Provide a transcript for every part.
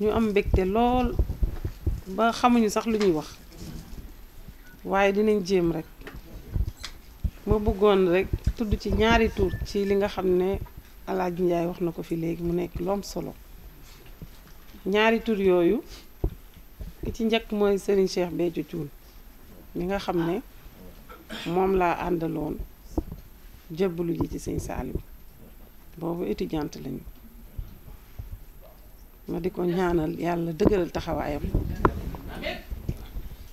ñu am mbégte lool ba xamuñu sax lu ñuy wax waaye dinañ jéem rekk ma bëggoon rek tudd ci ñaari tuur ci li nga xam ne Alaaji Njaay wax na ko fi léegi mu nekk loom solo ñaari tur yooyu ci njëkk mooy Serigne Cheikh Béthio Thioune mi nga xam ne moom laa àndaloon jébbalu ji ci Serigne Saliou boobu étudiante lañu ma di ko ñaanal yàlla dëgëral taxawaayam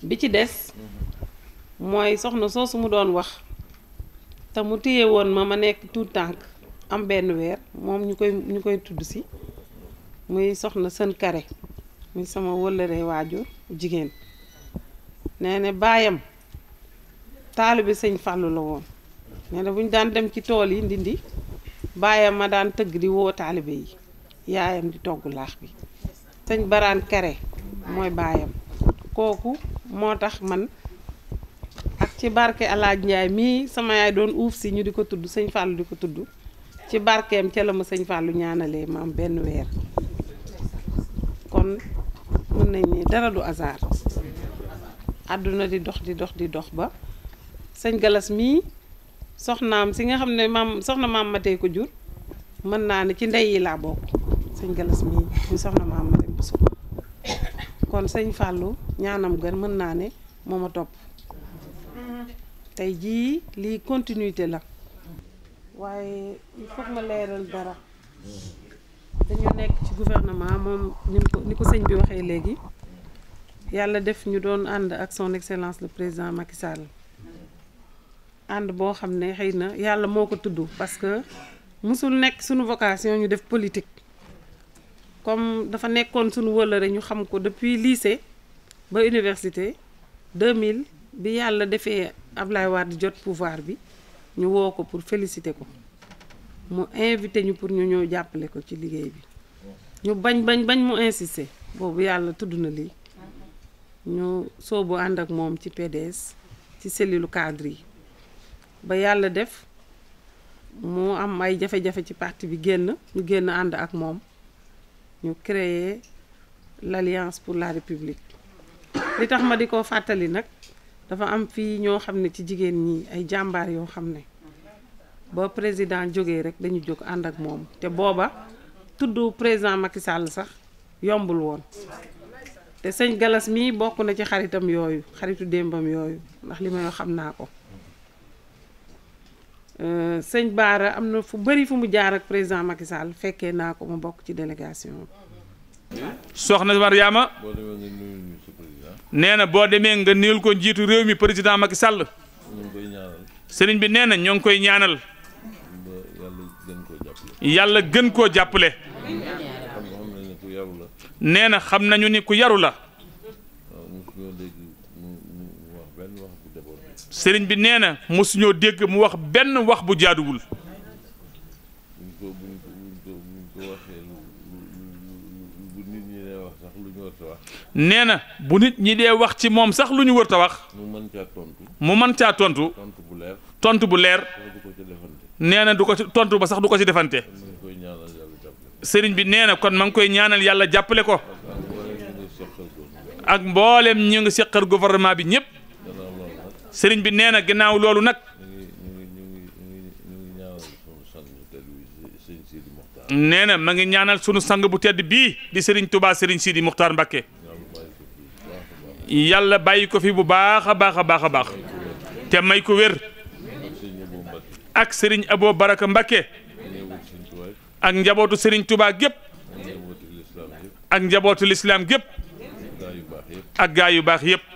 bi ci des mooy soxna su mu doon wax te mu téye woon ma ma nekk tout tànk am benn weer moom ñu koy ñu koy tudd si muy soxna seen kare muy sama wëllëre waajur jigéen nee na baayam taalibe sëñ Fàllu la woon nee na bu ñu daan dem ci tool yi ndindi baayam ma daan tëgg di woo taalibe yi yaayam di togg laax bi sëñ baraan kare mooy baayam kooku moo tax man ak ci barke alaaj njaay mii sama yaay doon uuf si ñu di ko tudd sëñ fàllu di ko tudd ci barkeem ca la ma sëñ fàllu ñaanalee maam benn weer kon mën nañ ni dara du hasard àdduna di dox di dox di dox ba sëñ galas mii soxnaam si nga xam ne maam soxna maam matee ko jur mën naa ne ci ndey yi laa bokk sëñ Galas mi ñu soxna maam ma dem bu kon sañ Fallou ñaanam gën mën naa ne moom ma topp tey jii lii continuité la waaye il faut ma leeral dara dañu nekk ci gouvernement moom ni ko ni ko sëñ bi waxee léegi yàlla def ñu doon ànd ak son excellence le président Macky ànd boo xam ne xëy na yàlla moo ko tudd parce que nekk suñu vocation ñu def politique comme dafa nekkoon suñu wëllëre ñu xam ko depuis lycée ba université 2000 bi yàlla defee Ablaye Wade jot pouvoir bi ñu woo ko pour félicité ko mu invité ñu pour ñu ñëw jàppale ko ci liggéey bi ñu bañ bañ bañ mu insister boobu yàlla tudd na lii ñu soobu ànd ak moom ci PDS ci cellule cadre yi ba yàlla def mu am ay jafe-jafe ci parti bi génn ñu génn ànd ak moom ñu créer l'alliance pour la république li tax ma di ko fàttali nag dafa am fii ñoo xam ne ci jigéen ñi ay jàmbaar yoo xam ne ba président jógee rek dañu jóg ànd ak moom te booba tudd président Macky Sall sax yombul woon te sëñ Galas mii bokk na ci xaritam yooyu xaritu démbam yooyu ndax li may xam naa ko Euh, sëñ Baara am na fu bëri fu mu jaar ak président Macky Sall fekkee naa ko mu bokk ci délégation soxna Mariama nee na boo demee nga nuyul ko njiitu réew mi président Macky Sall sëriñ bi nee na ñoo ngi koy ñaanal yàlla gën koo jàppale nee na xam nañu ni ku yaru la sëriñ bi nee na mosuñoo dégg mu wax benn wax bu jaaduwul. nee na bu nit ñi dee wax ci moom sax lu ñu wër ta wax. mu mën ca tontu. mu mën caa tontu. tontu bu leer. tontu bu leer. nee na du ko tontu ba sax du ko ci defante. sëriñ bi nee na kon ma koy ñaanal yàlla jàppale ko. ak mboolem ñu ngi seqal gouvernement bi ñëpp sëriñ bi nee na gannaaw loolu nag nee na ma ngi ñaanal sunu sang bu tedd bii di sëriñ Touba sëriñ Sidi Muxtaar Mbakke yàlla bàyyi ko fi bu baax a baax a baax a baax te may ko wér ak sëriñ Abo Baraka Mbakke ak njabootu sëriñ Touba gépp ak njabootu lislaam gépp ak gaa yu baax yëpp